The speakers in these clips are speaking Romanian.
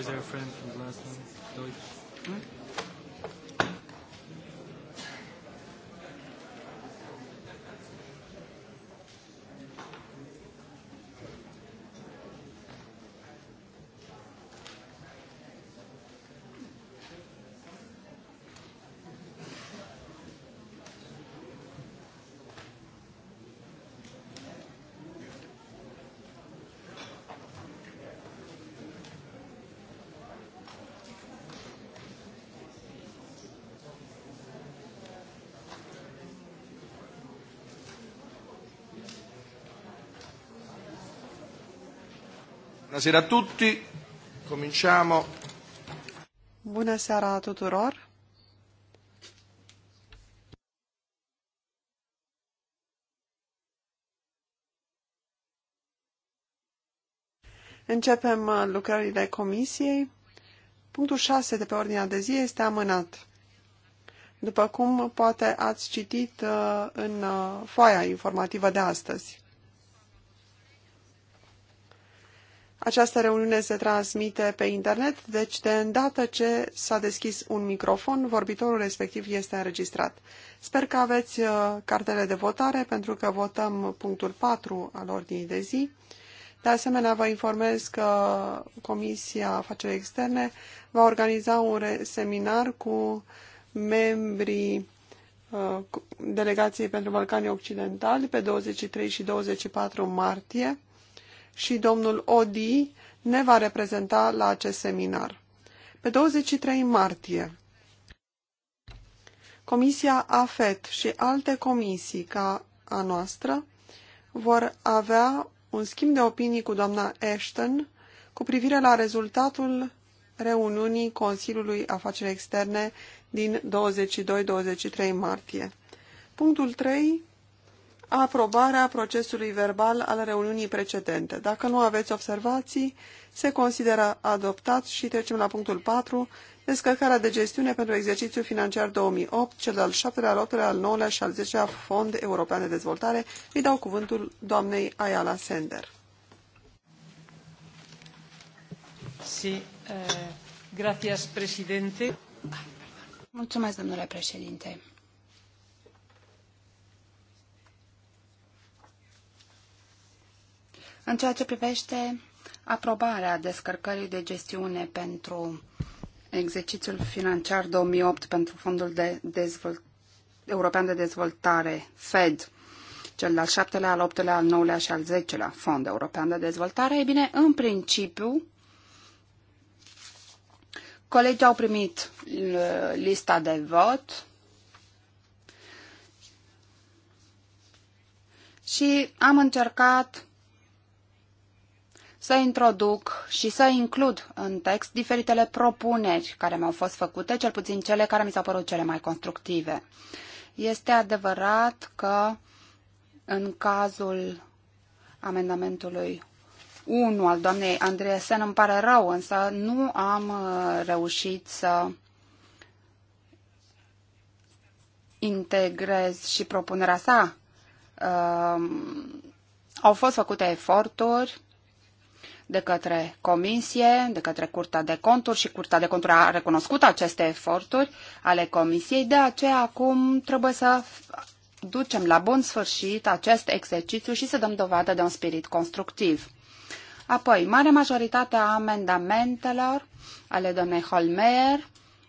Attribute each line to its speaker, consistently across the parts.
Speaker 1: is our friend
Speaker 2: from
Speaker 3: Buonasera a tutti. Cominciamo.
Speaker 2: Bună seara tuturor. Începem uh, lucrările comisiei. Punctul 6 de pe ordinea de zi este amânat. După cum poate ați citit uh, în uh, foaia informativă de astăzi. Această reuniune se transmite pe internet, deci de îndată ce s-a deschis un microfon, vorbitorul respectiv este înregistrat. Sper că aveți uh, cartele de votare, pentru că votăm punctul 4 al ordinii de zi. De asemenea, vă informez că Comisia Afaceri Externe va organiza un seminar cu membrii uh, delegației pentru Balcanii Occidentali pe 23 și 24 martie și domnul Odi ne va reprezenta la acest seminar. Pe 23 martie, Comisia AFET și alte comisii ca a noastră vor avea un schimb de opinii cu doamna Ashton cu privire la rezultatul reuniunii Consiliului Afaceri Externe din 22-23 martie. Punctul 3 aprobarea procesului verbal al reuniunii precedente. Dacă nu aveți observații, se consideră adoptat și trecem la punctul 4, descărcarea de gestiune pentru exercițiul financiar 2008, cel al 7-lea, al 8-lea, al 9-lea și al 10-lea Fond European de Dezvoltare. Îi dau cuvântul doamnei Ayala Sender.
Speaker 1: Sí, eh, gracias, presidente.
Speaker 4: Mulțumesc, domnule președinte. În ceea ce privește aprobarea descărcării de gestiune pentru exercițiul financiar 2008 pentru Fondul de Dezvolt... European de Dezvoltare, FED, cel de-al șaptelea, al optelea, al nouălea și al zecelea Fond European de Dezvoltare, e bine, în principiu, colegii au primit lista de vot și am încercat să introduc și să includ în text diferitele propuneri care mi-au fost făcute, cel puțin cele care mi s-au părut cele mai constructive. Este adevărat că în cazul amendamentului 1 al doamnei Andreesen îmi pare rău, însă nu am uh, reușit să integrez și propunerea sa. Uh, au fost făcute eforturi de către Comisie, de către Curtea de Conturi și Curtea de Conturi a recunoscut aceste eforturi ale Comisiei, de aceea acum trebuie să ducem la bun sfârșit acest exercițiu și să dăm dovadă de un spirit constructiv. Apoi, mare majoritate a amendamentelor ale domnului Holmeier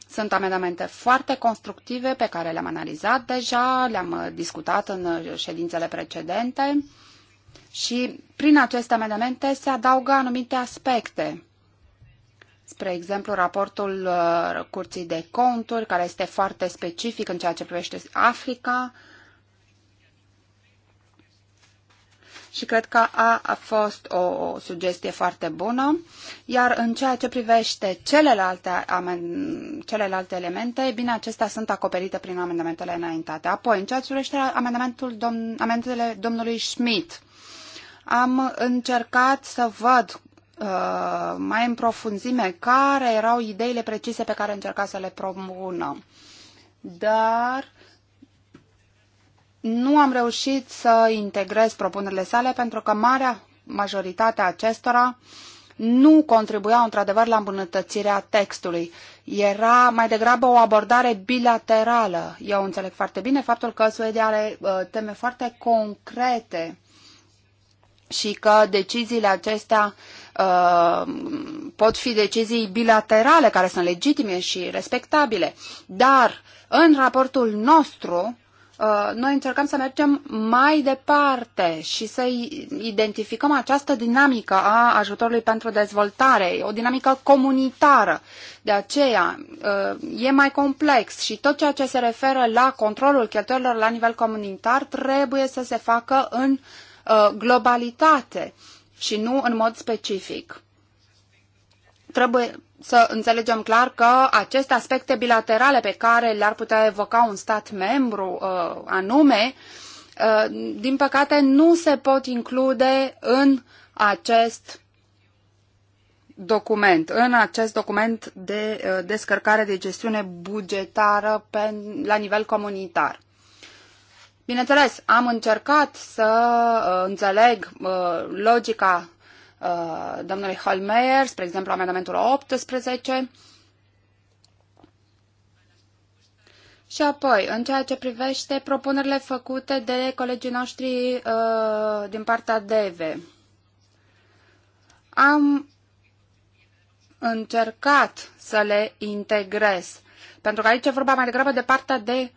Speaker 4: sunt amendamente foarte constructive pe care le-am analizat deja, le-am uh, discutat în uh, ședințele precedente și prin aceste amendamente se adaugă anumite aspecte. Spre exemplu, raportul uh, Curții de Conturi, care este foarte specific în ceea ce privește Africa, și cred că a, a fost o, o sugestie foarte bună. Iar în ceea ce privește celelalte, amen, celelalte elemente, e bine, acestea sunt acoperite prin amendamentele înaintate. Apoi, în ceea ce privește amendamentul domn, amendamentele domnului Schmidt, am încercat să văd uh, mai în profunzime care erau ideile precise pe care încerca să le promună. Dar nu am reușit să integrez propunerile sale pentru că marea majoritatea acestora nu contribuiau într-adevăr la îmbunătățirea textului. Era mai degrabă o abordare bilaterală. Eu înțeleg foarte bine faptul că Suedia are uh, teme foarte concrete și că deciziile acestea uh, pot fi decizii bilaterale care sunt legitime și respectabile. Dar în raportul nostru uh, noi încercăm să mergem mai departe și să identificăm această dinamică a ajutorului pentru dezvoltare, o dinamică comunitară. De aceea uh, e mai complex și tot ceea ce se referă la controlul cheltuielor la nivel comunitar trebuie să se facă în Uh, globalitate și nu în mod specific. Trebuie să înțelegem clar că aceste aspecte bilaterale pe care le-ar putea evoca un stat membru uh, anume, uh, din păcate, nu se pot include în acest document, în acest document de descărcare de gestiune bugetară pe, la nivel comunitar. Bineînțeles, am încercat să uh, înțeleg uh, logica uh, domnului Holmeier, spre exemplu amendamentul 18, Și apoi, în ceea ce privește propunerile făcute de colegii noștri uh, din partea DEVE, am încercat să le integrez, pentru că aici e vorba mai degrabă de partea de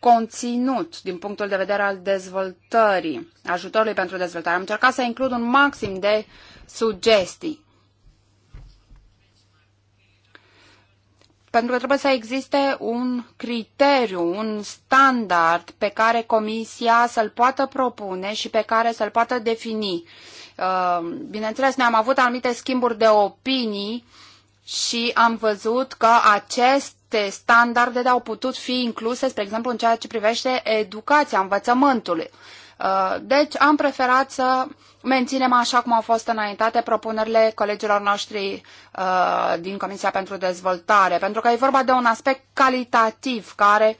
Speaker 4: conținut din punctul de vedere al dezvoltării, ajutorului pentru dezvoltare. Am încercat să includ un maxim de sugestii. Pentru că trebuie să existe un criteriu, un standard pe care Comisia să-l poată propune și pe care să-l poată defini. Uh, bineînțeles, ne-am avut anumite schimburi de opinii și am văzut că acest alte standarde au putut fi incluse, spre exemplu, în ceea ce privește educația, învățământului. Uh, deci am preferat să menținem așa cum au fost înaintate propunerile colegilor noștri uh, din Comisia pentru Dezvoltare, pentru că e vorba de un aspect calitativ care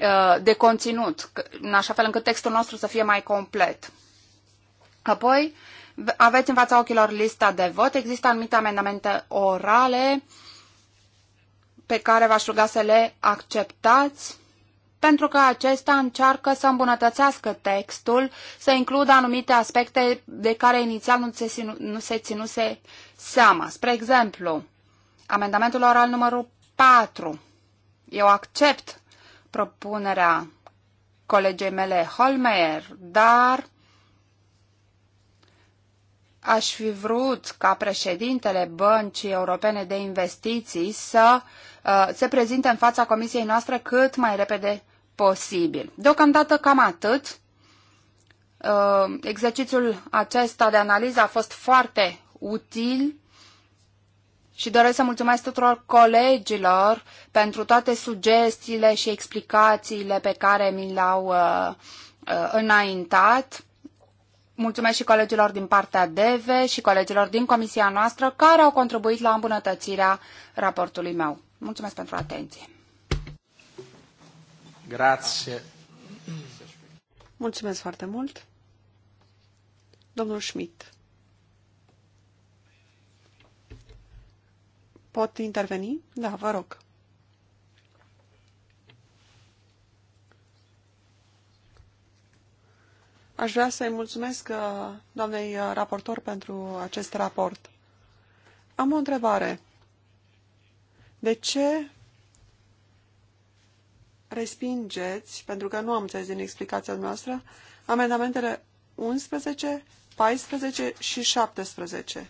Speaker 4: uh, de conținut, în așa fel încât textul nostru să fie mai complet. Apoi, aveți în fața ochilor lista de vot. Există anumite amendamente orale uh, pe care v-aș ruga să le acceptați, pentru că acesta încearcă să îmbunătățească textul, să includă anumite aspecte de care inițial nu se, nu se ținuse seama. Spre exemplu, amendamentul oral numărul 4. Eu accept propunerea colegei mele Holmeier, dar aș fi vrut ca președintele Băncii Europene de Investiții să Uh, se prezinte în fața comisiei noastre cât mai repede posibil. Deocamdată cam atât. Uh, exercițiul acesta de analiză a fost foarte util și doresc să mulțumesc tuturor colegilor pentru toate sugestiile și explicațiile pe care mi le-au uh, înaintat. Mulțumesc și colegilor din partea DEVE și colegilor din comisia noastră care au contribuit la îmbunătățirea raportului meu. Mulțumesc pentru atenție.
Speaker 1: Grazie.
Speaker 4: Mulțumesc foarte mult. Domnul Schmidt.
Speaker 2: Pot interveni? Da, vă rog. Aș vrea să-i mulțumesc uh, doamnei uh, raportor pentru acest raport. Am o întrebare. De ce respingeți, pentru că nu am înțeles din explicația noastră, amendamentele 11, 14 și 17?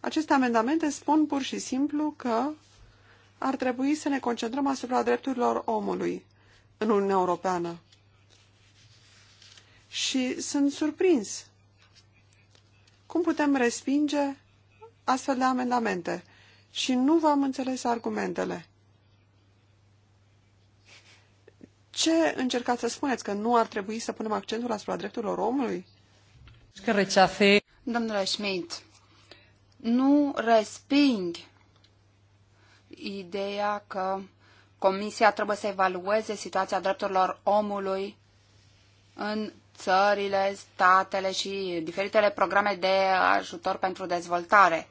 Speaker 2: Aceste amendamente spun pur și simplu că ar trebui să ne concentrăm asupra drepturilor omului în Uniunea Europeană. Și sunt surprins. Cum putem respinge astfel de amendamente și nu v-am înțeles argumentele. Ce încercați să spuneți? Că nu ar trebui să punem accentul asupra drepturilor omului?
Speaker 1: Deci că
Speaker 4: Domnule Schmidt, nu resping ideea că Comisia trebuie să evalueze situația drepturilor omului în țările, statele și diferitele programe de ajutor pentru dezvoltare.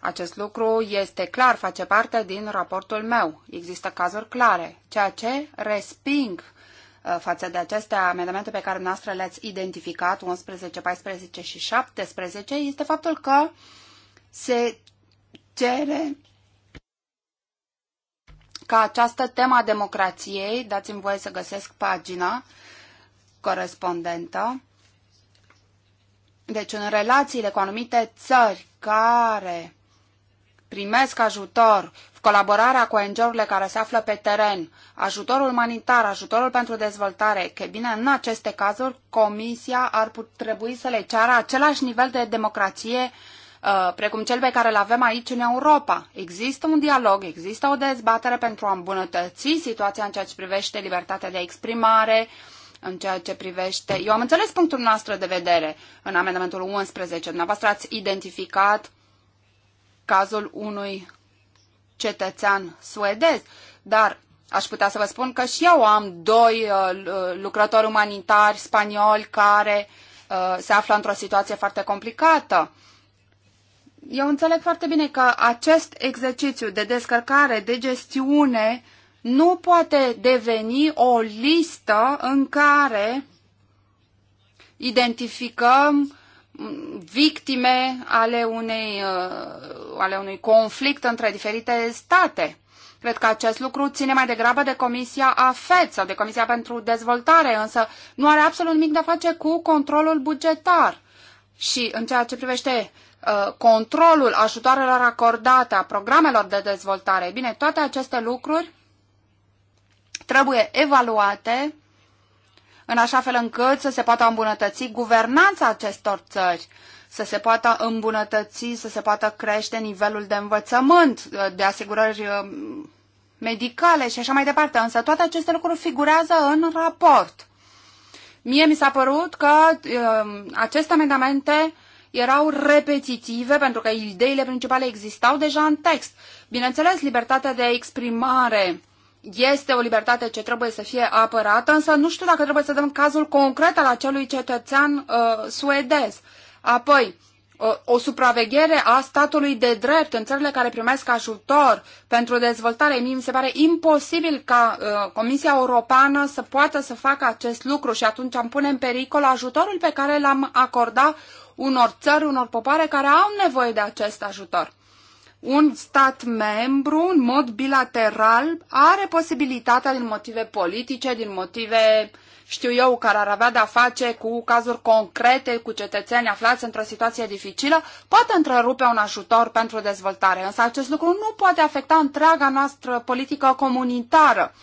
Speaker 4: Acest lucru este clar, face parte din raportul meu. Există cazuri clare, ceea ce resping uh, față de aceste amendamente pe care noastră le-ați identificat, 11, 14 și 17, este faptul că se cere ca această temă a democrației, dați-mi voie să găsesc pagina corespondentă, deci în relațiile cu anumite țări care primesc ajutor, colaborarea cu ONG-urile care se află pe teren, ajutorul umanitar, ajutorul pentru dezvoltare, că bine, în aceste cazuri, Comisia ar trebui să le ceară același nivel de democrație uh, precum cel pe care îl avem aici în Europa. Există un dialog, există o dezbatere pentru a îmbunătăți situația în ceea ce privește libertatea de exprimare, în ceea ce privește... Eu am înțeles punctul noastră de vedere în amendamentul 11. Dumneavoastră ați identificat cazul unui cetățean suedez, dar aș putea să vă spun că și eu am doi uh, lucrători umanitari spanioli care uh, se află într-o situație foarte complicată. Eu înțeleg foarte bine că acest exercițiu de descărcare, de gestiune, nu poate deveni o listă în care identificăm victime ale unei, uh, ale unui conflict între diferite state. Cred că acest lucru ține mai degrabă de Comisia AFET sau de Comisia pentru Dezvoltare, însă nu are absolut nimic de a face cu controlul bugetar. Și în ceea ce privește uh, controlul ajutoarelor acordate a programelor de dezvoltare, bine, toate aceste lucruri trebuie evaluate în așa fel încât să se poată îmbunătăți guvernanța acestor țări, să se poată îmbunătăți, să se poată crește nivelul de învățământ, uh, de asigurări uh, medicale și așa mai departe. Însă toate aceste lucruri figurează în raport. Mie mi s-a părut că uh, aceste amendamente erau repetitive pentru că ideile principale existau deja în text. Bineînțeles, libertatea de exprimare este o libertate ce trebuie să fie apărată, însă nu știu dacă trebuie să dăm cazul concret al acelui cetățean uh, suedez. Apoi, uh, o supraveghere a statului de drept în țările care primesc ajutor pentru dezvoltare. Mie mi se pare imposibil ca uh, Comisia Europeană să poată să facă acest lucru și atunci am pune în pericol ajutorul pe care l-am acordat unor țări, unor popoare care au nevoie de acest ajutor un stat membru, în mod bilateral, are posibilitatea din motive politice, din motive, știu eu, care ar avea de-a face cu cazuri concrete, cu cetățeni aflați într-o situație dificilă, poate întrerupe un ajutor pentru dezvoltare. Însă acest lucru nu poate afecta întreaga noastră politică comunitară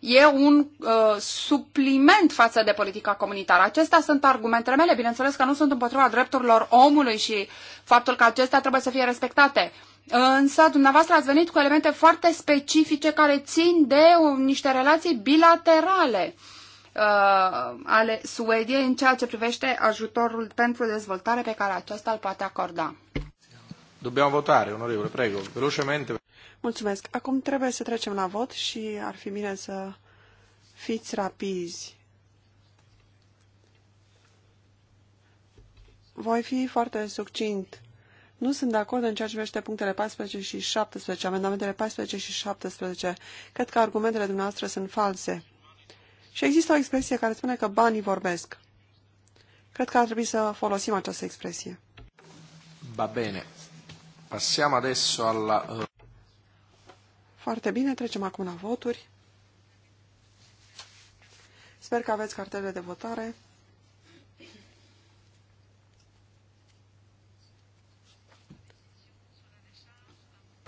Speaker 4: e un uh, supliment față de politica comunitară. Acestea sunt argumentele mele. Bineînțeles că nu sunt împotriva drepturilor omului și faptul că acestea trebuie să fie respectate. Însă, dumneavoastră ați venit cu elemente foarte specifice care țin de o, niște relații bilaterale uh, ale Suediei în ceea ce privește ajutorul pentru dezvoltare pe care acesta îl poate acorda.
Speaker 3: Dobbiamo votare, onorevole, prego, velocemente.
Speaker 2: Mulțumesc. Acum trebuie să trecem la vot și ar fi bine să fiți rapizi. Voi fi foarte succint nu sunt de acord în ceea ce privește punctele 14 și 17, amendamentele 14 și 17. Cred că argumentele dumneavoastră sunt false. Și există o expresie care spune că banii vorbesc. Cred că ar trebui să folosim această expresie.
Speaker 3: Va bine, Passiamo adesso alla... Uh,
Speaker 2: Foarte bine, trecem acum la voturi. Sper că aveți cartele de votare.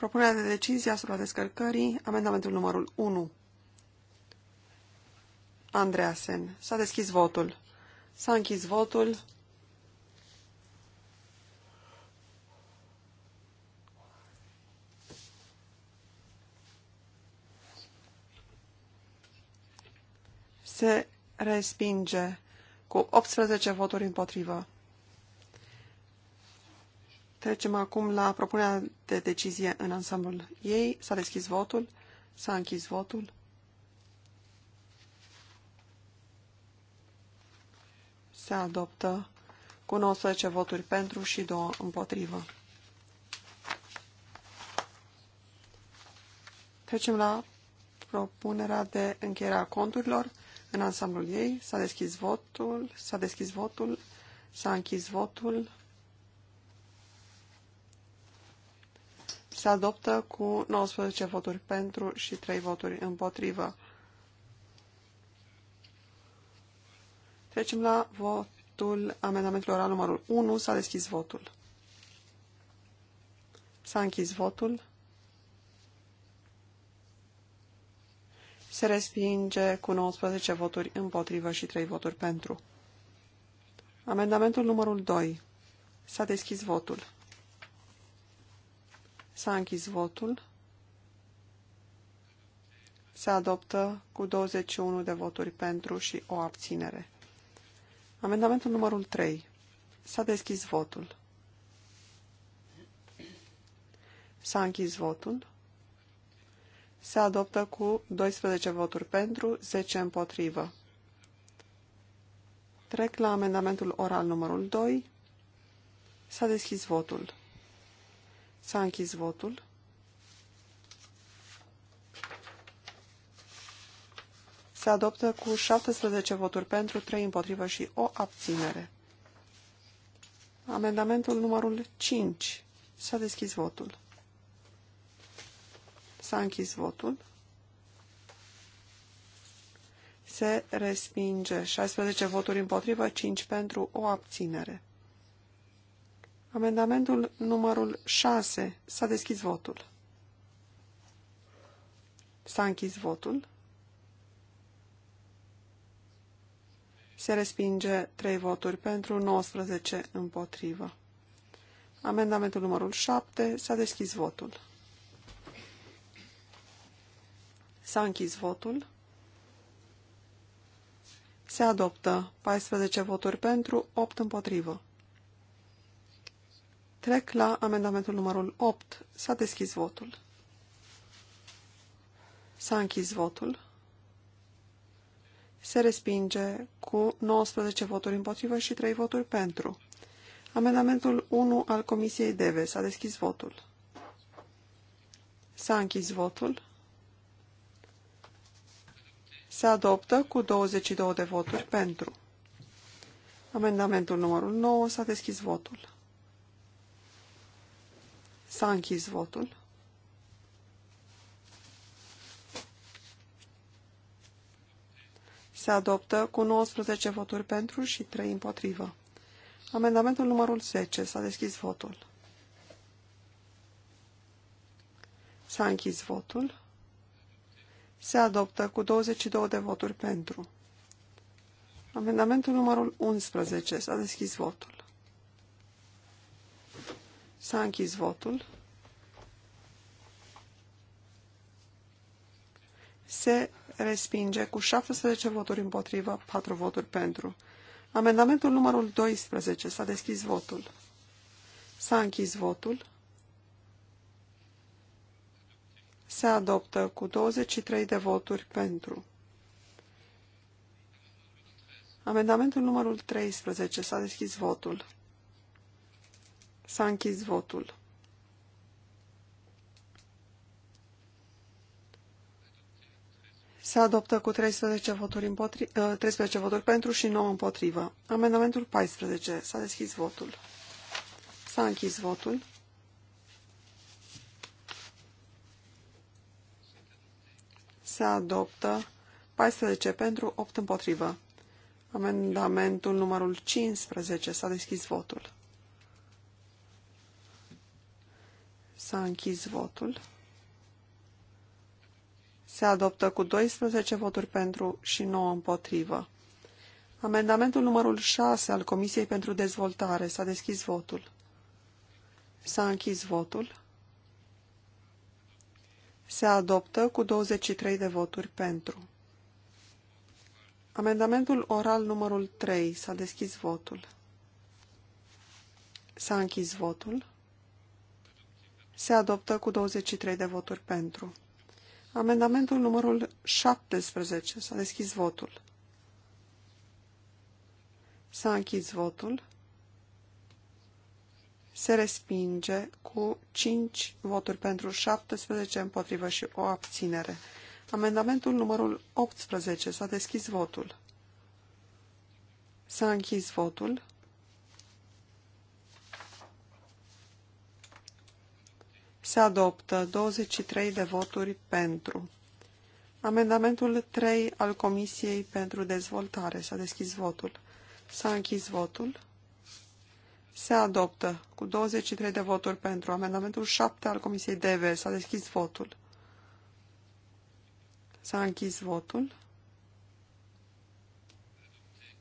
Speaker 2: Propunerea de decizie asupra descărcării, amendamentul numărul 1. Andreasen. S-a deschis votul. S-a închis votul. Se respinge cu 18 voturi împotrivă. Trecem acum la propunerea de decizie în ansamblul ei. S-a deschis votul. S-a închis votul. Se adoptă cu 19 voturi pentru și 2 împotrivă. Trecem la propunerea de încheiere a conturilor în ansamblul ei. S-a deschis votul, s-a deschis votul, s-a închis votul. se adoptă cu 19 voturi pentru și 3 voturi împotrivă. Trecem la votul amendamentului oral numărul 1. S-a deschis votul. S-a închis votul. Se respinge cu 19 voturi împotrivă și 3 voturi pentru. Amendamentul numărul 2. S-a deschis votul. S-a închis votul. Se adoptă cu 21 de voturi pentru și o abținere. Amendamentul numărul 3. S-a deschis votul. S-a închis votul. Se adoptă cu 12 voturi pentru, 10 împotrivă. Trec la amendamentul oral numărul 2. S-a deschis votul. S-a închis votul. Se adoptă cu 17 voturi pentru, 3 împotrivă și o abținere. Amendamentul numărul 5. S-a deschis votul. S-a închis votul. Se respinge 16 voturi împotrivă, 5 pentru o abținere. Amendamentul numărul 6. S-a deschis votul. S-a închis votul. Se respinge 3 voturi pentru, 19 împotrivă. Amendamentul numărul 7. S-a deschis votul. S-a închis votul. Se adoptă 14 voturi pentru, 8 împotrivă. Trec la amendamentul numărul 8. S-a deschis votul. S-a închis votul. Se respinge cu 19 voturi împotrivă și 3 voturi pentru. Amendamentul 1 al Comisiei DEVE. S-a deschis votul. S-a închis votul. Se adoptă cu 22 de voturi pentru. Amendamentul numărul 9. S-a deschis votul. S-a închis votul. Se adoptă cu 19 voturi pentru și 3 împotrivă. Amendamentul numărul 10. S-a deschis votul. S-a închis votul. Se adoptă cu 22 de voturi pentru. Amendamentul numărul 11. S-a deschis votul. S-a închis votul. Se respinge cu 17 voturi împotrivă, 4 voturi pentru. Amendamentul numărul 12. S-a deschis votul. S-a închis votul. Se adoptă cu 23 de voturi pentru. Amendamentul numărul 13. S-a deschis votul. S-a închis votul. Se adoptă cu 13 voturi, împotri, 13 ă, voturi pentru și 9 împotrivă. Amendamentul 14. S-a deschis votul. S-a închis votul. Se adoptă 14 pentru, 8 împotrivă. Amendamentul numărul 15. S-a deschis votul. S-a închis votul. Se adoptă cu 12 voturi pentru și 9 împotrivă. Amendamentul numărul 6 al Comisiei pentru Dezvoltare. S-a deschis votul. S-a închis votul. Se adoptă cu 23 de voturi pentru. Amendamentul oral numărul 3. S-a deschis votul. S-a închis votul se adoptă cu 23 de voturi pentru. Amendamentul numărul 17. S-a deschis votul. S-a închis votul. Se respinge cu 5 voturi pentru 17 împotrivă și o abținere. Amendamentul numărul 18. S-a deschis votul. S-a închis votul. Se adoptă 23 de voturi pentru. Amendamentul 3 al Comisiei pentru Dezvoltare. S-a deschis votul. S-a închis votul. Se adoptă cu 23 de voturi pentru. Amendamentul 7 al Comisiei DV. S-a deschis votul. S-a închis votul.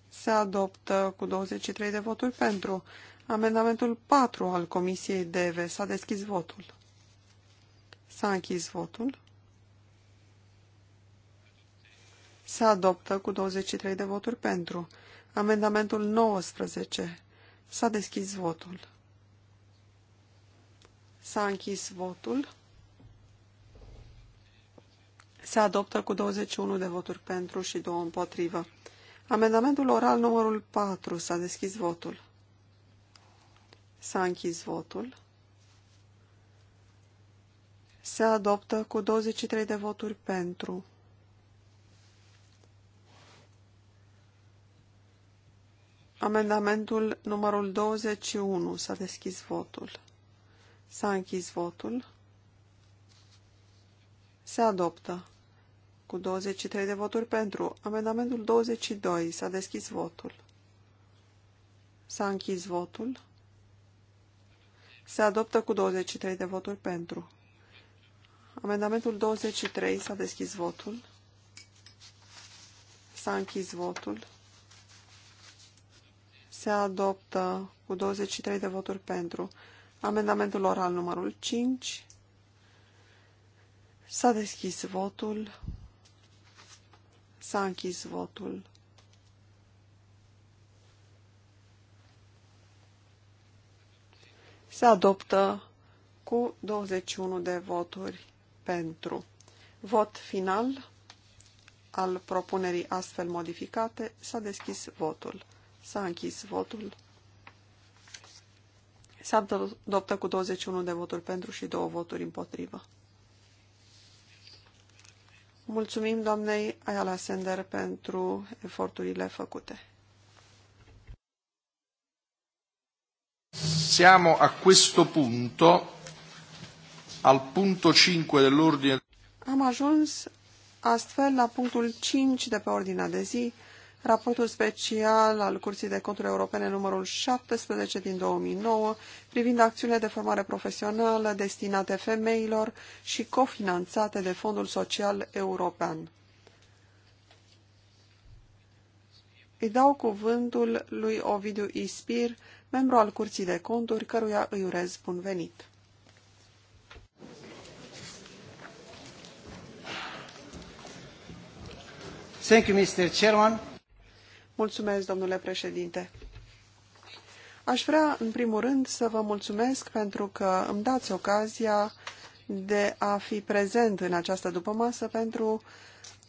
Speaker 2: Se adoptă cu 23 de voturi pentru. Amendamentul 4 al Comisiei DV. S-a deschis votul. S-a închis votul. Se adoptă cu 23 de voturi pentru. Amendamentul 19. S-a deschis votul. S-a închis votul. Se adoptă cu 21 de voturi pentru și 2 împotrivă. Amendamentul oral numărul 4. S-a deschis votul. S-a închis votul se adoptă cu 23 de voturi pentru. Amendamentul numărul 21. S-a deschis votul. S-a închis votul. Se adoptă cu 23 de voturi pentru. Amendamentul 22. S-a deschis votul. S-a închis votul. Se adoptă cu 23 de voturi pentru. Amendamentul 23 s-a deschis votul. S-a închis votul. Se adoptă cu 23 de voturi pentru. Amendamentul oral numărul 5. S-a deschis votul. S-a închis votul. Se adoptă cu 21 de voturi pentru. Vot final al propunerii astfel modificate. S-a deschis votul. S-a închis votul. S-a adoptat cu 21 de voturi pentru și două voturi împotrivă. Mulțumim doamnei Ayala Sender pentru eforturile făcute.
Speaker 3: Siamo a questo punto al punto 5 ordine.
Speaker 2: Am ajuns astfel la punctul 5 de pe ordinea de zi, raportul special al Curții de Conturi Europene numărul 17 din 2009 privind acțiunile de formare profesională destinate femeilor și cofinanțate de Fondul Social European. Îi dau cuvântul lui Ovidiu Ispir, membru al Curții de Conturi, căruia îi urez bun venit. Mulțumesc, domnule președinte. Aș vrea, în primul rând, să vă mulțumesc pentru că îmi dați ocazia de a fi prezent în această dupămasă pentru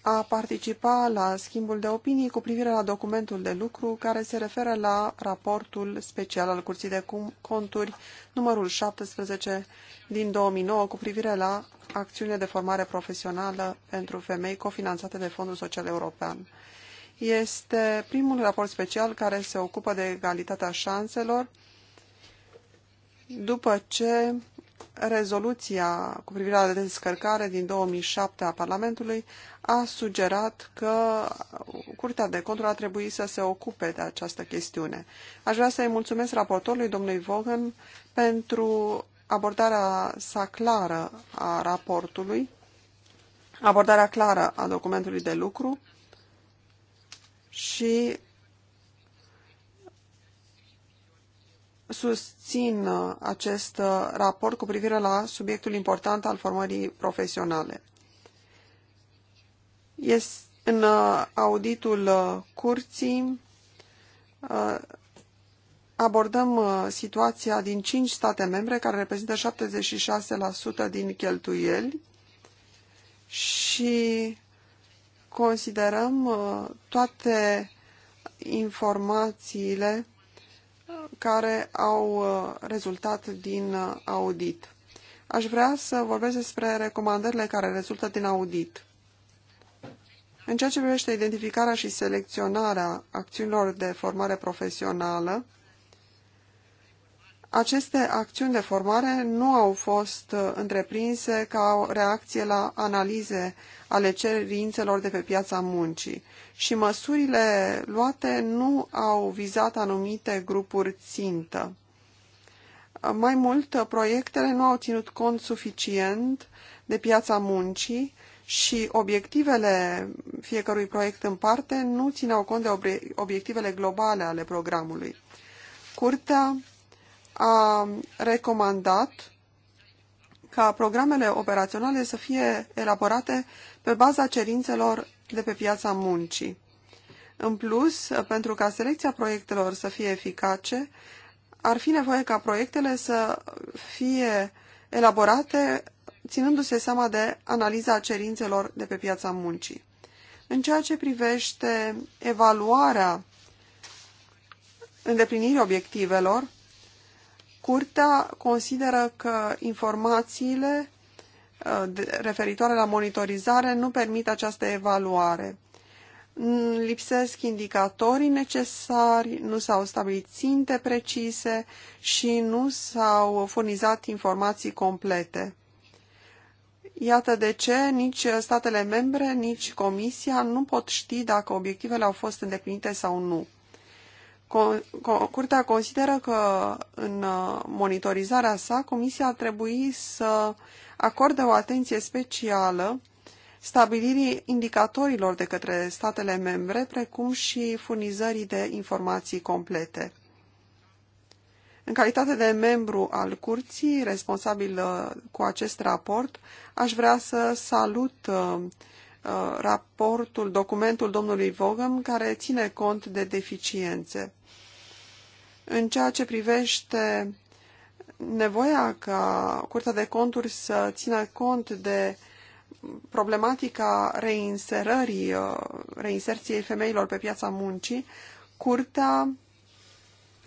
Speaker 2: a participa la schimbul de opinii cu privire la documentul de lucru care se referă la raportul special al Curții de Conturi numărul 17 din 2009 cu privire la acțiune de formare profesională pentru femei cofinanțate de Fondul Social European. Este primul raport special care se ocupă de egalitatea șanselor după ce rezoluția cu privire la descărcare din 2007 a Parlamentului a sugerat că Curtea de Conturi a trebuit să se ocupe de această chestiune. Aș vrea să-i mulțumesc raportorului, domnului Vogan, pentru abordarea sa clară a raportului, abordarea clară a documentului de lucru și susțin uh, acest uh, raport cu privire la subiectul important al formării profesionale. în uh, auditul curții abordăm situația din 5 state membre, care reprezintă 76% din cheltuieli și considerăm toate informațiile care au uh, rezultat din uh, audit. Aș vrea să vorbesc despre recomandările care rezultă din audit. În ceea ce privește identificarea și selecționarea acțiunilor de formare profesională, aceste acțiuni de formare nu au fost uh, întreprinse ca o reacție la analize ale cerințelor de pe piața muncii și măsurile luate nu au vizat anumite grupuri țintă. Mai mult, proiectele nu au ținut cont suficient de piața muncii și obiectivele fiecărui proiect în parte nu țineau cont de obiectivele globale ale programului. Curtea a recomandat ca programele operaționale să fie elaborate pe baza cerințelor de pe piața muncii. În plus, pentru ca selecția proiectelor să fie eficace, ar fi nevoie ca proiectele să fie elaborate ținându-se seama de analiza cerințelor de pe piața muncii. În ceea ce privește evaluarea îndeplinirii obiectivelor, Curtea consideră că informațiile Uh, referitoare la monitorizare nu permit această evaluare. Lipsesc indicatorii necesari, nu s-au stabilit ținte precise și nu s-au furnizat informații complete. Iată de ce nici statele membre, nici Comisia nu pot ști dacă obiectivele au fost îndeplinite sau nu. Curtea consideră că în uh, monitorizarea sa, Comisia ar trebui să acorde o atenție specială stabilirii indicatorilor de către statele membre, precum și furnizării de informații complete. În calitate de membru al curții, responsabil uh, cu acest raport, aș vrea să salut uh, Uh, raportul, documentul domnului Vogem, care ține cont de deficiențe. În ceea ce privește nevoia ca Curtea de Conturi să țină cont de problematica reinserării, uh, reinserției femeilor pe piața muncii, Curtea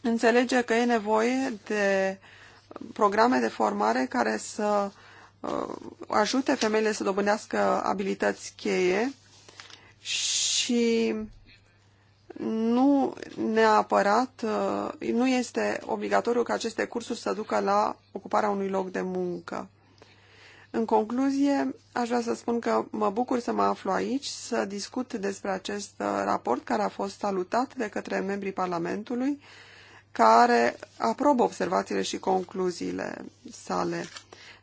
Speaker 2: înțelege că e nevoie de programe de formare care să Uh, ajute femeile să dobânească abilități cheie și nu neapărat, uh, nu este obligatoriu ca aceste cursuri să ducă la ocuparea unui loc de muncă. În concluzie, aș vrea să spun că mă bucur să mă aflu aici, să discut despre acest uh, raport care a fost salutat de către membrii Parlamentului, care aprobă observațiile și concluziile sale.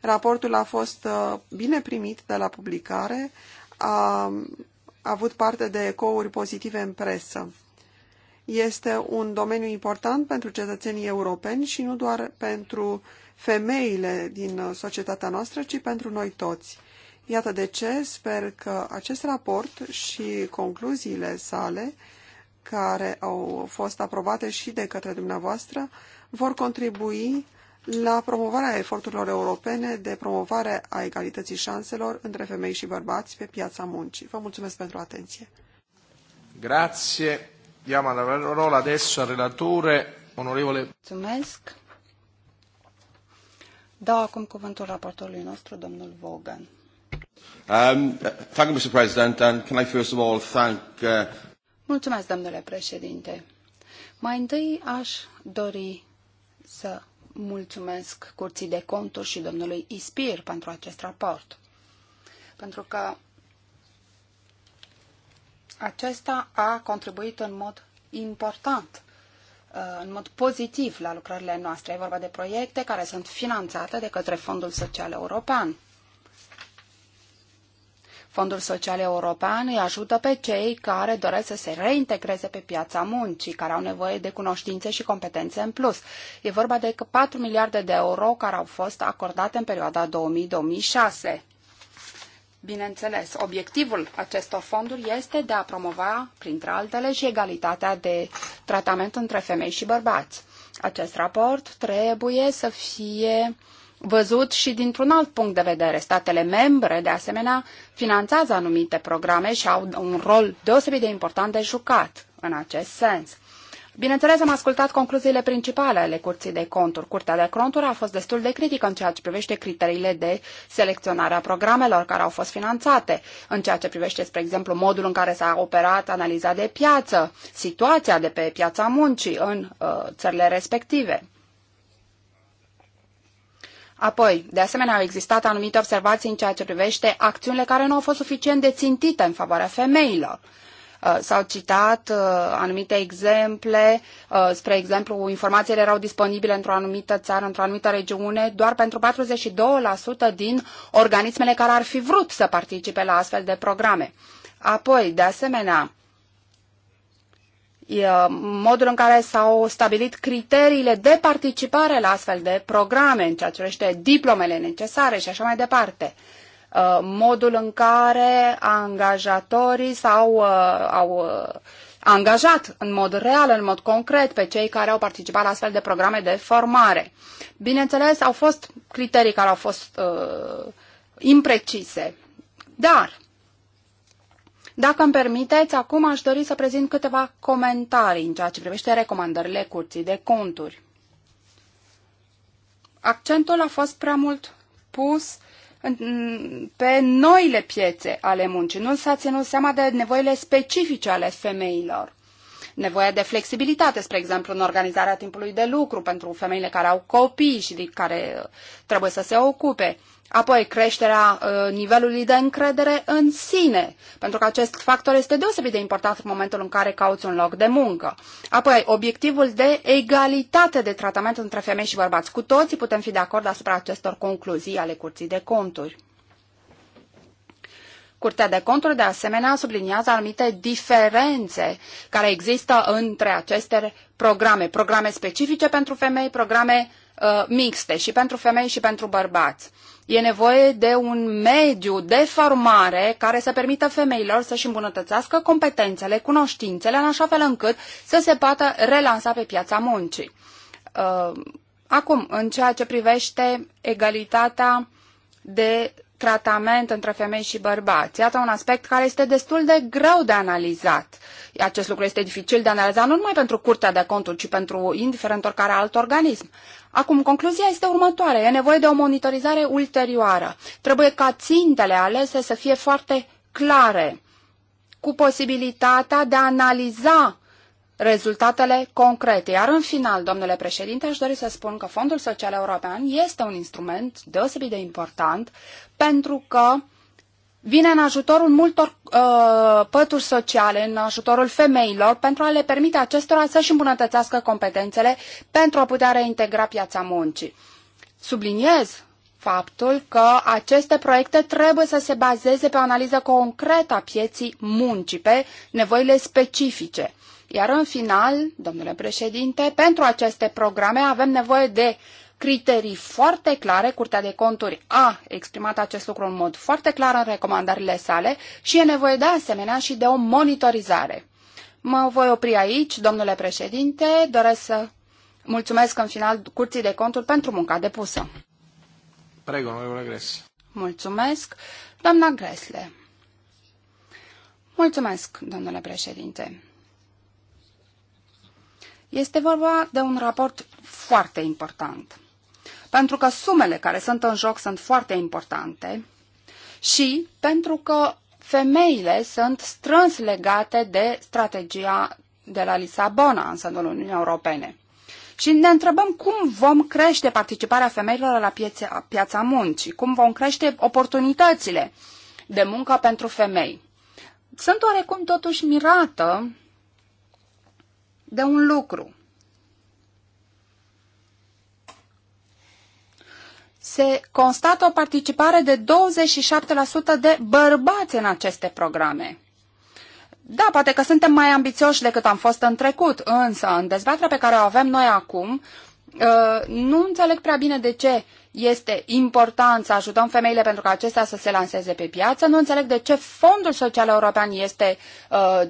Speaker 2: Raportul a fost uh, bine primit de la publicare, a avut parte de ecouri pozitive în presă. Este un domeniu important pentru cetățenii europeni și nu doar pentru femeile din uh, societatea noastră, ci pentru noi toți. Iată de ce sper că acest raport și concluziile sale, care au fost aprobate și de către dumneavoastră, vor contribui la promovarea eforturilor europene de promovare a egalității șanselor între femei și bărbați pe piața muncii. Vă mulțumesc pentru atenție.
Speaker 3: Grazie. Diamo la parola adesso al relatore, onorevole. Mulțumesc.
Speaker 4: Dau acum cuvântul raportorului nostru, domnul Vaughan.
Speaker 1: Um, thank you, Mr. President, and can I first of all thank... Uh...
Speaker 4: Mulțumesc, domnule președinte. Mai întâi aș dori să mulțumesc Curții de Conturi și domnului Ispir pentru acest raport. Pentru că acesta a contribuit în mod important, uh, în mod pozitiv la lucrările noastre. E vorba de proiecte care sunt finanțate de către Fondul Social European. Fondul Social European îi ajută pe cei care doresc să se reintegreze pe piața muncii, care au nevoie de cunoștințe și competențe în plus. E vorba de 4 miliarde de euro care au fost acordate în perioada 2000-2006. Bineînțeles, obiectivul acestor fonduri este de a promova, printre altele, și egalitatea de tratament între femei și bărbați. Acest raport trebuie să fie uh, văzut și dintr-un alt punct de vedere. Statele membre, de asemenea, finanțează anumite programe și au un rol deosebit de important de jucat în acest sens. Bineînțeles, am ascultat concluziile principale ale Curții de Conturi. Curtea de Conturi a fost destul de critică în ceea ce privește criteriile de selecționare a programelor care au fost finanțate, în ceea ce privește, spre exemplu, modul în care s-a operat analiza de piață, situația de pe piața muncii în uh, țările respective. Apoi, de asemenea, au existat anumite observații în ceea ce privește acțiunile care nu au fost suficient de țintite în favoarea femeilor. Uh, s-au citat uh, anumite exemple, uh, spre exemplu, informațiile erau disponibile într-o anumită țară, într-o anumită regiune, doar pentru 42% din organismele care ar fi vrut să participe la astfel de programe. Apoi, de asemenea, modul în care s-au stabilit criteriile de participare la astfel de programe, în ceea ce privește diplomele necesare și așa mai departe modul în care angajatorii s-au au angajat în mod real, în mod concret, pe cei care au participat la astfel de programe de formare. Bineînțeles, au fost criterii care au fost uh, imprecise, dar dacă îmi permiteți, acum aș dori să prezint câteva comentarii în ceea ce privește recomandările curții de conturi. Accentul a fost prea mult pus pe noile piețe ale muncii. Nu s-a ținut seama de nevoile specifice ale femeilor. Nevoia de flexibilitate, spre exemplu, în organizarea timpului de lucru pentru femeile care au copii și de care trebuie să se ocupe apoi creșterea ă, nivelului de încredere în sine, pentru că acest factor este deosebit de important în momentul în care cauți un loc de muncă. Apoi, obiectivul de egalitate de tratament între femei și bărbați. Cu toții putem fi de acord asupra acestor concluzii ale Curții de Conturi. Curtea de conturi, de asemenea, subliniază anumite diferențe care există între aceste programe. Programe specifice pentru femei, programe Uh, mixte, și pentru femei și pentru bărbați. E nevoie de un mediu de formare care să permită femeilor să-și îmbunătățească competențele, cunoștințele, în așa fel încât să se poată relansa pe piața muncii. Uh, acum, în ceea ce privește egalitatea de tratament între femei și bărbați. Iată un aspect care este destul de greu de analizat. Acest lucru este dificil de analizat nu numai pentru Curtea de Conturi, ci pentru indiferent oricare alt organism. Acum, concluzia este următoare. E nevoie de o monitorizare ulterioară. Trebuie ca țintele alese să fie foarte clare, cu posibilitatea de a analiza rezultatele concrete. Iar în final, domnule președinte, aș dori să spun că Fondul Social European este un instrument deosebit de important pentru că vine în ajutorul multor uh, pături sociale, în ajutorul femeilor, pentru a le permite acestora să-și îmbunătățească competențele pentru a putea reintegra piața muncii. Subliniez faptul că aceste proiecte trebuie să se bazeze pe o analiză concretă a pieții muncii, pe nevoile specifice. Iar în final, domnule președinte, pentru aceste programe avem nevoie de criterii foarte clare. Curtea de conturi a exprimat acest lucru în mod foarte clar în recomandările sale și e nevoie de asemenea și de o monitorizare. Mă voi opri aici, domnule președinte. Doresc să mulțumesc în final Curții de Conturi pentru munca depusă.
Speaker 1: Prego, domnule Gres.
Speaker 4: Mulțumesc, doamna Gresle. Mulțumesc, domnule președinte. Este vorba de un raport foarte important, pentru că sumele care sunt în joc sunt foarte importante și pentru că femeile sunt strâns legate de strategia de la Lisabona în sânul Uniunii Europene. Și ne întrebăm cum vom crește participarea femeilor la piața, piața muncii, cum vom crește oportunitățile de muncă pentru femei. Sunt oarecum totuși mirată de un lucru. Se constată o participare de 27% de bărbați în aceste programe. Da, poate că suntem mai ambițioși decât am fost în trecut, însă în dezbaterea pe care o avem noi acum, uh, nu înțeleg prea bine de ce este important să ajutăm femeile pentru ca acestea să se lanseze pe piață. Nu înțeleg de ce Fondul Social European este uh,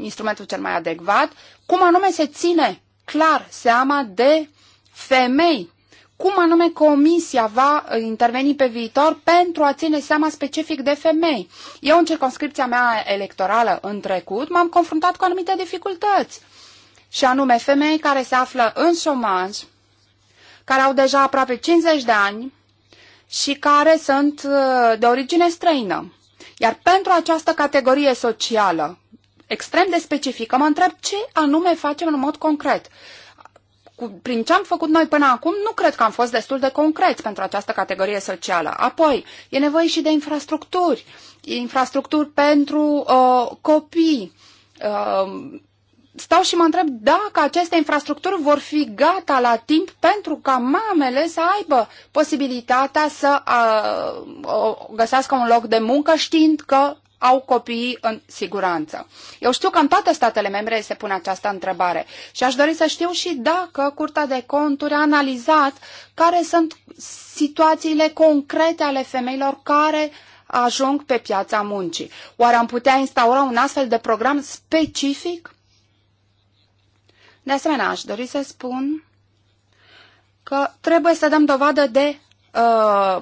Speaker 4: instrumentul cel mai adecvat. Cum anume se ține clar seama de femei cum anume comisia va uh, interveni pe viitor pentru a ține seama specific de femei. Eu, în circunscripția mea electorală în trecut, m-am confruntat cu anumite dificultăți, și anume femei care se află în șomaj, care au deja aproape 50 de ani și care sunt uh, de origine străină. Iar pentru această categorie socială extrem de specifică, mă întreb ce anume facem în mod concret. Cu, prin ce am făcut noi până acum, nu cred că am fost destul de concreți pentru această categorie socială. Apoi, e nevoie și de infrastructuri, infrastructuri pentru uh, copii, uh, stau și mă întreb dacă aceste infrastructuri vor fi gata la timp pentru ca mamele să aibă posibilitatea să găsească un loc de muncă știind că au copiii în siguranță. Eu știu că în toate statele membre se pune această întrebare și aș dori să știu și dacă Curtea de Conturi a analizat care sunt situațiile concrete ale femeilor care ajung pe piața muncii. Oare am putea instaura un astfel de program specific de asemenea, aș dori să spun că trebuie să dăm dovadă de uh,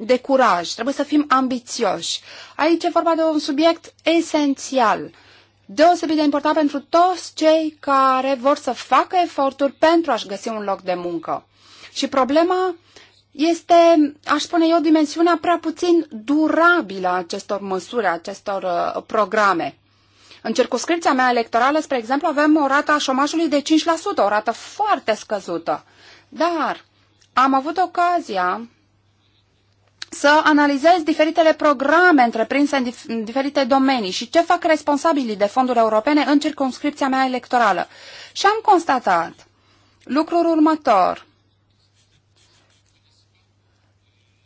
Speaker 4: de curaj, trebuie să fim ambițioși. Aici e vorba de un subiect esențial, deosebit de important pentru toți cei care vor să facă eforturi pentru a-și găsi un loc de muncă. Și problema este, aș spune eu, dimensiunea prea puțin durabilă a acestor măsuri, a acestor uh, programe. În circunscripția mea electorală, spre exemplu, avem o rată a șomajului de 5%, o rată foarte scăzută. Dar am avut ocazia să analizez diferitele programe întreprinse în, dif în diferite domenii și ce fac responsabilii de fonduri europene în circunscripția mea electorală. Și am constatat lucrul următor.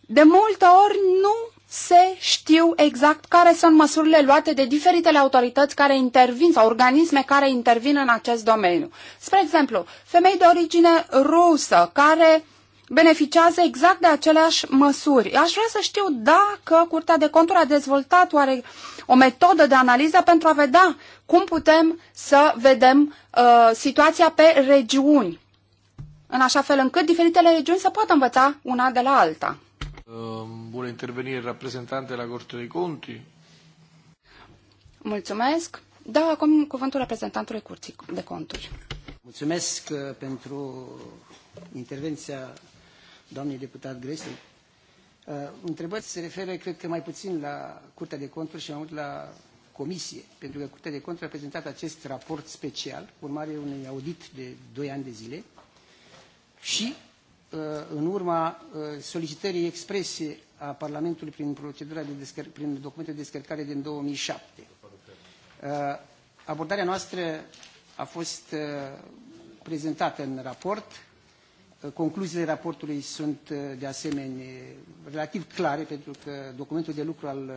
Speaker 4: De multe ori nu se știu exact care sunt măsurile luate de diferitele autorități care intervin sau organisme care intervin în acest domeniu. Spre exemplu, femei de origine rusă care beneficiază exact de aceleași măsuri. Aș vrea să știu dacă Curtea de Conturi a dezvoltat oare o metodă de analiză pentru a vedea cum putem să vedem uh, situația pe regiuni, în așa fel încât diferitele regiuni să poată învăța una de la alta.
Speaker 3: Ehm, vuole interveni il rappresentante la
Speaker 1: Corte dei Conti?
Speaker 4: Mulțumesc. Dau acum cuvântul reprezentantului Curții de Conturi.
Speaker 1: Mulțumesc eh, pentru intervenția doamnei deputat Gresel. Eh, întrebări se referă, cred că, mai puțin la Curtea de Conturi și mai mult la Comisie, pentru că Curtea de Conturi a prezentat acest raport special, urmare unui audit de 2 ani de zile, și Uh, în urma uh, solicitării exprese a Parlamentului prin, procedura de prin documente de descărcare din 2007. Uh, abordarea noastră a fost prezentată în raport. Concluziile raportului sunt de asemenea relativ clare pentru că documentul de lucru al,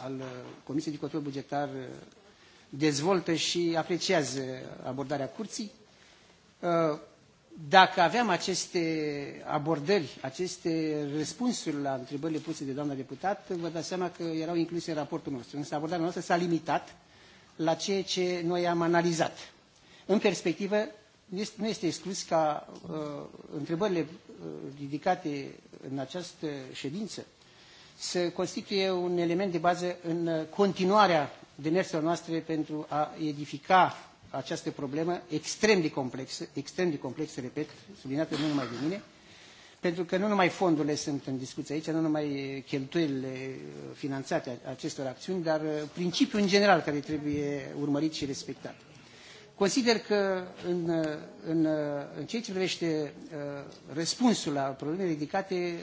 Speaker 1: al Comisiei de Control Bugetar dezvoltă și apreciază abordarea curții. Dacă aveam aceste abordări, aceste răspunsuri la întrebările puse de doamna deputat, vă dați seama că erau incluse în raportul nostru. Însă abordarea noastră s-a limitat la ceea ce noi am analizat. În perspectivă, nu este exclus ca uh, întrebările uh, ridicate în această ședință să constituie un element de bază în continuarea demersurilor noastre pentru a edifica această problemă extrem de complexă, extrem de complexă, repet, subliniată nu numai de mine, pentru că nu numai fondurile sunt în discuție aici, nu numai cheltuielile finanțate acestor acțiuni, dar principiul în general care trebuie urmărit și respectat. Consider că în, în, în ceea ce privește răspunsul la problemele ridicate,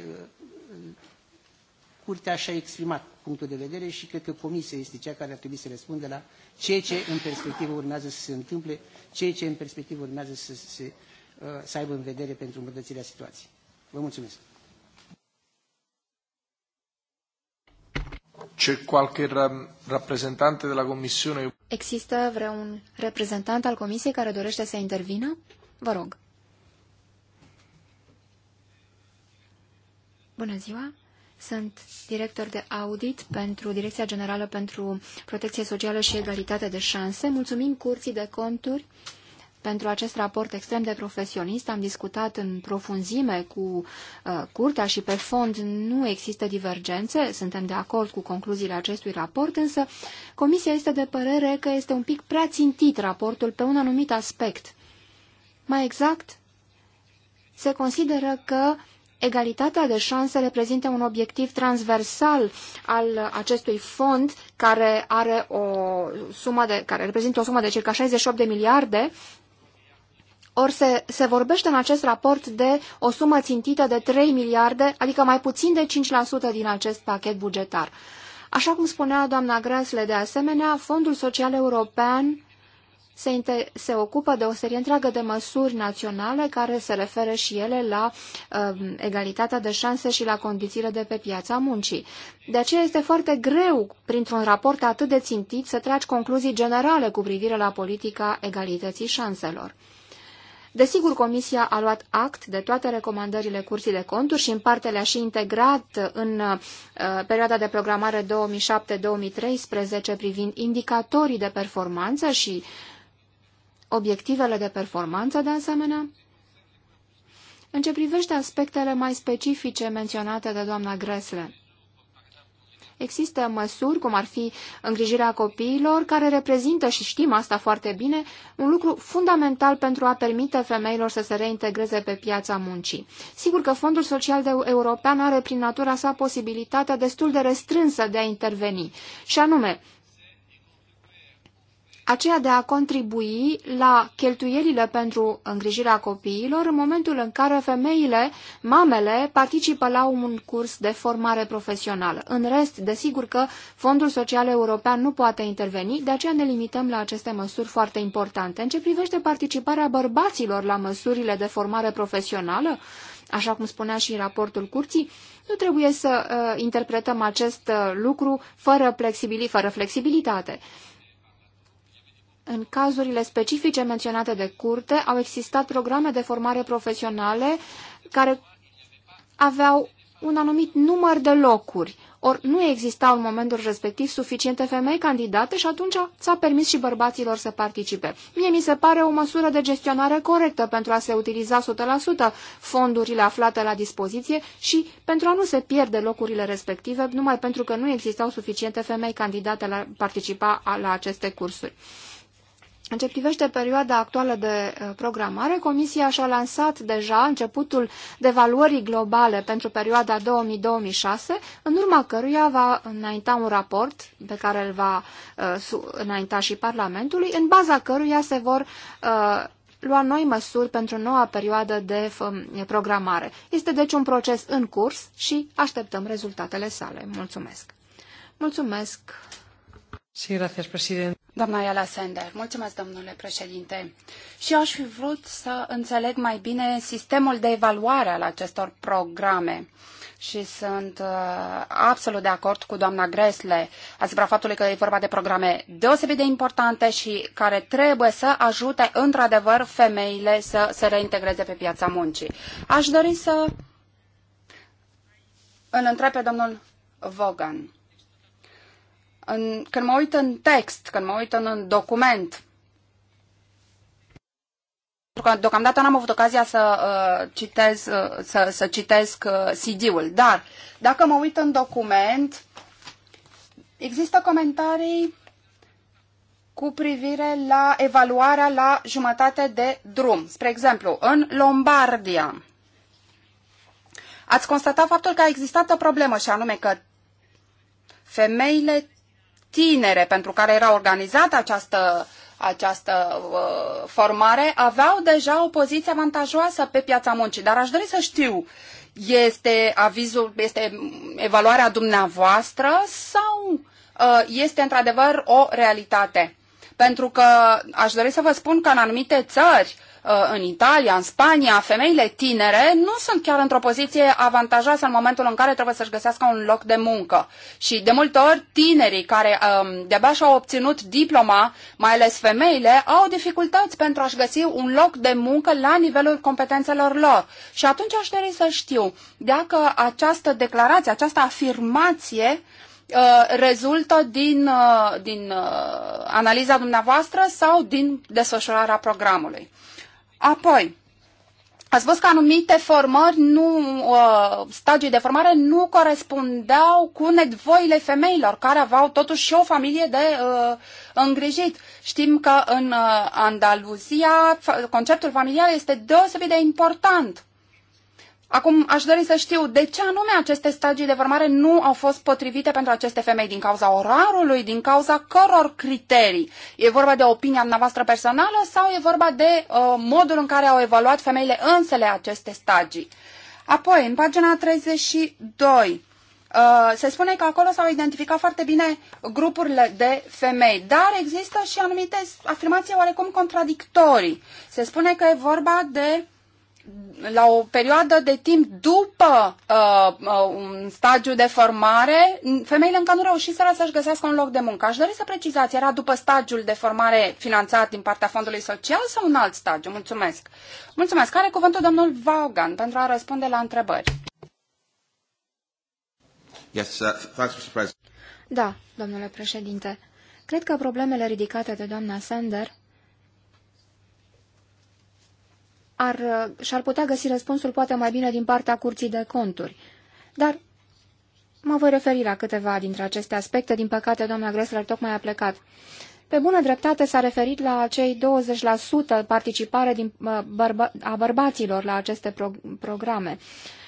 Speaker 1: Curtea și-a exprimat punctul de vedere și cred că Comisia este cea care ar trebui să răspundă la ceea ce în perspectivă urmează să se întâmple, ceea ce în perspectivă urmează să, se, uh, să aibă în vedere pentru îmbunătățirea situației. Vă mulțumesc.
Speaker 3: C'è qualche rappresentante della Commissione? Există vreun reprezentant al Comisiei care dorește să intervină? Vă rog. Bună ziua! Sunt director de audit pentru Direcția Generală pentru Protecție Socială și Egalitate de Șanse. Mulțumim Curții de Conturi pentru acest raport extrem de profesionist. Am discutat în profunzime cu uh, curtea și pe fond nu există divergențe. Suntem de acord cu concluziile acestui raport, însă comisia este de părere că este un pic prea țintit raportul pe un anumit aspect. Mai exact, se consideră că Egalitatea de șanse reprezintă un obiectiv transversal al acestui fond care, are o sumă de, care reprezintă o sumă de circa 68 de miliarde Ori se, se vorbește în acest raport de o sumă țintită de 3 miliarde, adică mai puțin de 5% din acest pachet bugetar. Așa cum spunea doamna Grasle de asemenea, Fondul Social European se, se ocupă de o serie întreagă de măsuri naționale care se referă și ele la uh, egalitatea de șanse și la condițiile de pe piața muncii. De aceea este foarte greu, printr-un raport atât de țintit, să tragi concluzii generale cu privire la politica egalității șanselor. Desigur, Comisia a luat act de toate recomandările Curții de Conturi și în parte le-a și integrat în uh, perioada de programare 2007-2013 privind indicatorii de performanță și uh, obiectivele de performanță de asemenea. În ce privește aspectele mai specifice menționate de doamna Gresle, există măsuri, cum ar fi îngrijirea copiilor, care reprezintă, și știm asta foarte bine, un lucru fundamental pentru a permite femeilor să se reintegreze pe piața muncii. Sigur că Fondul Social European are prin natura sa posibilitatea destul de restrânsă de a interveni, și anume, aceea de a contribui la cheltuielile pentru îngrijirea copiilor în momentul în care femeile, mamele, participă la un curs de formare profesională. În rest, desigur că Fondul Social European nu poate interveni, de aceea ne limităm la aceste măsuri foarte importante. În ce privește participarea bărbaților la măsurile de formare profesională, așa cum spunea și raportul curții, nu trebuie să uh, interpretăm acest uh, lucru fără, flexibili fără flexibilitate. În cazurile specifice menționate de curte, au existat programe de formare profesionale care aveau un anumit număr de locuri. Ori nu existau în momentul respectiv suficiente femei candidate și atunci s-a permis și bărbaților să participe. Mie mi se pare o măsură de gestionare corectă pentru a se utiliza 100% fondurile aflate la dispoziție și pentru a nu se pierde locurile respective, numai pentru că nu existau suficiente femei candidate la participa la aceste cursuri. În ce privește perioada actuală de uh, programare, Comisia și-a lansat deja începutul devaluării globale pentru perioada 2000-2006, în urma căruia va înainta un raport pe care îl va uh, înainta și Parlamentului, în baza căruia se vor uh, lua noi măsuri pentru noua perioadă de programare. Este deci un proces în curs și așteptăm rezultatele sale. Mulțumesc!
Speaker 4: Mulțumesc! Sí, gracias, presidente. Doamna Iala Sender, mulțumesc, domnule președinte. Și eu aș fi vrut să înțeleg mai bine sistemul de evaluare al acestor programe. Și sunt uh, absolut de acord cu doamna Gresle asupra faptului că e vorba de programe deosebit de importante și care trebuie să ajute, într-adevăr, femeile să se reintegreze pe piața muncii. Aș dori să îl întreb pe domnul Vogan în, când mă uit în text, când mă uit în, în document, pentru că deocamdată n-am avut ocazia să uh, citez, uh, să, să citesc uh, CD-ul, dar dacă mă uit în document, există comentarii cu privire la evaluarea la jumătate de drum. Spre exemplu, în Lombardia, ați constatat faptul că a existat o problemă și anume că femeile tinere pentru care era organizată această, această uh, formare aveau deja o poziție avantajoasă pe piața muncii. Dar aș dori să știu, este avizul, este evaluarea dumneavoastră sau uh, este într-adevăr o realitate? Pentru că aș dori să vă spun că în anumite țări uh, Uh, în Italia, în Spania, femeile tinere nu sunt chiar într-o poziție avantajoasă în momentul în care trebuie să-și găsească un loc de muncă. Și de multe ori tinerii care um, de-abia și-au obținut diploma, mai ales femeile, au dificultăți pentru a-și găsi un loc de muncă la nivelul competențelor lor. Și atunci aș dori să știu dacă această declarație, această afirmație uh, rezultă din, uh, din analiza dumneavoastră sau din desfășurarea programului. Apoi, a spus că anumite formări, nu, uh, stagii de formare nu corespundeau cu nevoile femeilor, care aveau totuși și o familie de uh, îngrijit. Știm că în uh, Andaluzia conceptul familial este deosebit de important. Acum, aș dori să știu de ce anume aceste stagii de formare nu au fost potrivite pentru aceste femei, din cauza orarului, din cauza căror criterii. E vorba de opinia noastră personală sau e vorba de uh, modul în care au evaluat femeile însele aceste stagii? Apoi, în pagina 32, Uh, se spune că acolo s-au identificat foarte bine grupurile de femei, dar există și anumite afirmații oarecum contradictorii. Se spune că e vorba de uh, la o perioadă de timp după uh, uh un stagiu de formare, femeile încă nu reușiseră să-și găsească un loc de muncă. Aș dori să precizați, era după stagiul de formare finanțat din partea Fondului Social sau un alt stagiu? Mulțumesc. Mulțumesc. Care cuvântul domnul Vaughan pentru a răspunde la întrebări? Yes, uh, thanks,
Speaker 3: da, domnule președinte. Cred că problemele ridicate de doamna Sander ar, uh, și-ar putea găsi răspunsul poate mai bine din partea curții de conturi. Dar mă voi referi la câteva dintre aceste aspecte. Din păcate, doamna Gressler tocmai a plecat. Pe bună dreptate s-a referit la cei 20% participare din, uh, bărba, a bărbaților la aceste pro, programe. Uh,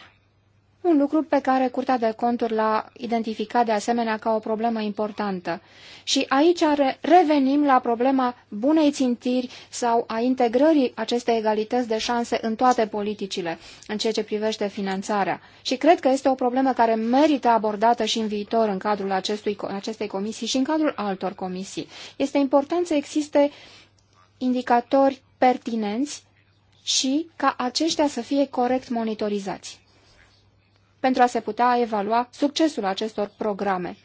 Speaker 3: un lucru pe care Curtea de Conturi l-a identificat de asemenea ca o problemă importantă. Și aici revenim la problema bunei țintiri sau a integrării acestei egalități de șanse în toate politicile, în ceea ce privește finanțarea. Și cred că este o problemă care merită abordată și în viitor în cadrul acestui, acestei comisii și în cadrul altor comisii. Este important să existe indicatori pertinenți și ca aceștia să fie corect monitorizați pentru a se putea evalua succesul acestor programe.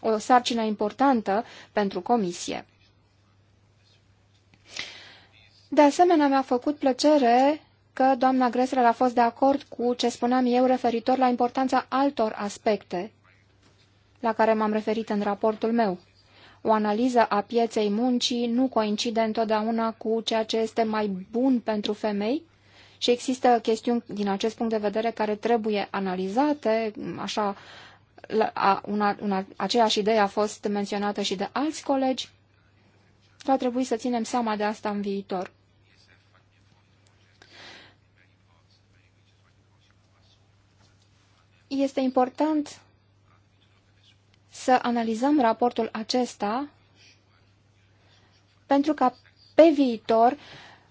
Speaker 3: O sarcină importantă pentru comisie. De asemenea, mi-a făcut plăcere că doamna Gresler a fost de acord cu ce spuneam eu referitor la importanța altor aspecte la care m-am referit în raportul meu. O analiză a pieței muncii nu coincide întotdeauna cu ceea ce este mai bun pentru femei și există chestiuni din acest punct de vedere care trebuie analizate, așa, la, una, una, aceeași idee a fost menționată și de alți colegi, va trebui să ținem seama de asta în viitor. Este important să analizăm raportul acesta pentru ca pe viitor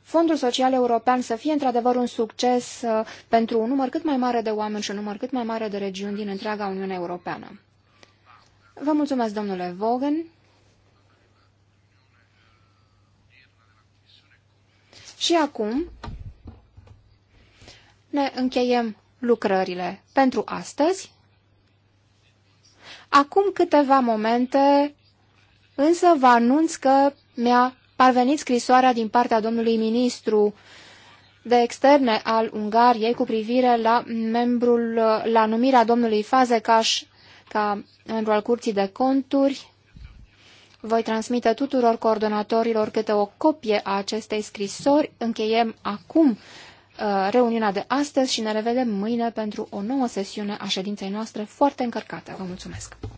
Speaker 3: Fondul Social European să fie într-adevăr un succes uh, pentru un număr cât mai mare de oameni și un număr cât mai mare de regiuni din întreaga Uniune Europeană. Vă mulțumesc, domnule Vogen. Și acum ne încheiem lucrările pentru astăzi. Acum câteva momente, însă vă anunț că mi-a parvenit scrisoarea din partea domnului ministru de externe al Ungariei cu privire la, membrul, la numirea domnului Fazekas ca membru al Curții de Conturi. Voi transmite tuturor coordonatorilor câte o copie a acestei scrisori. Încheiem acum uh, reuniunea de astăzi și ne revedem mâine pentru o nouă sesiune a ședinței noastre foarte încărcată. Vă mulțumesc!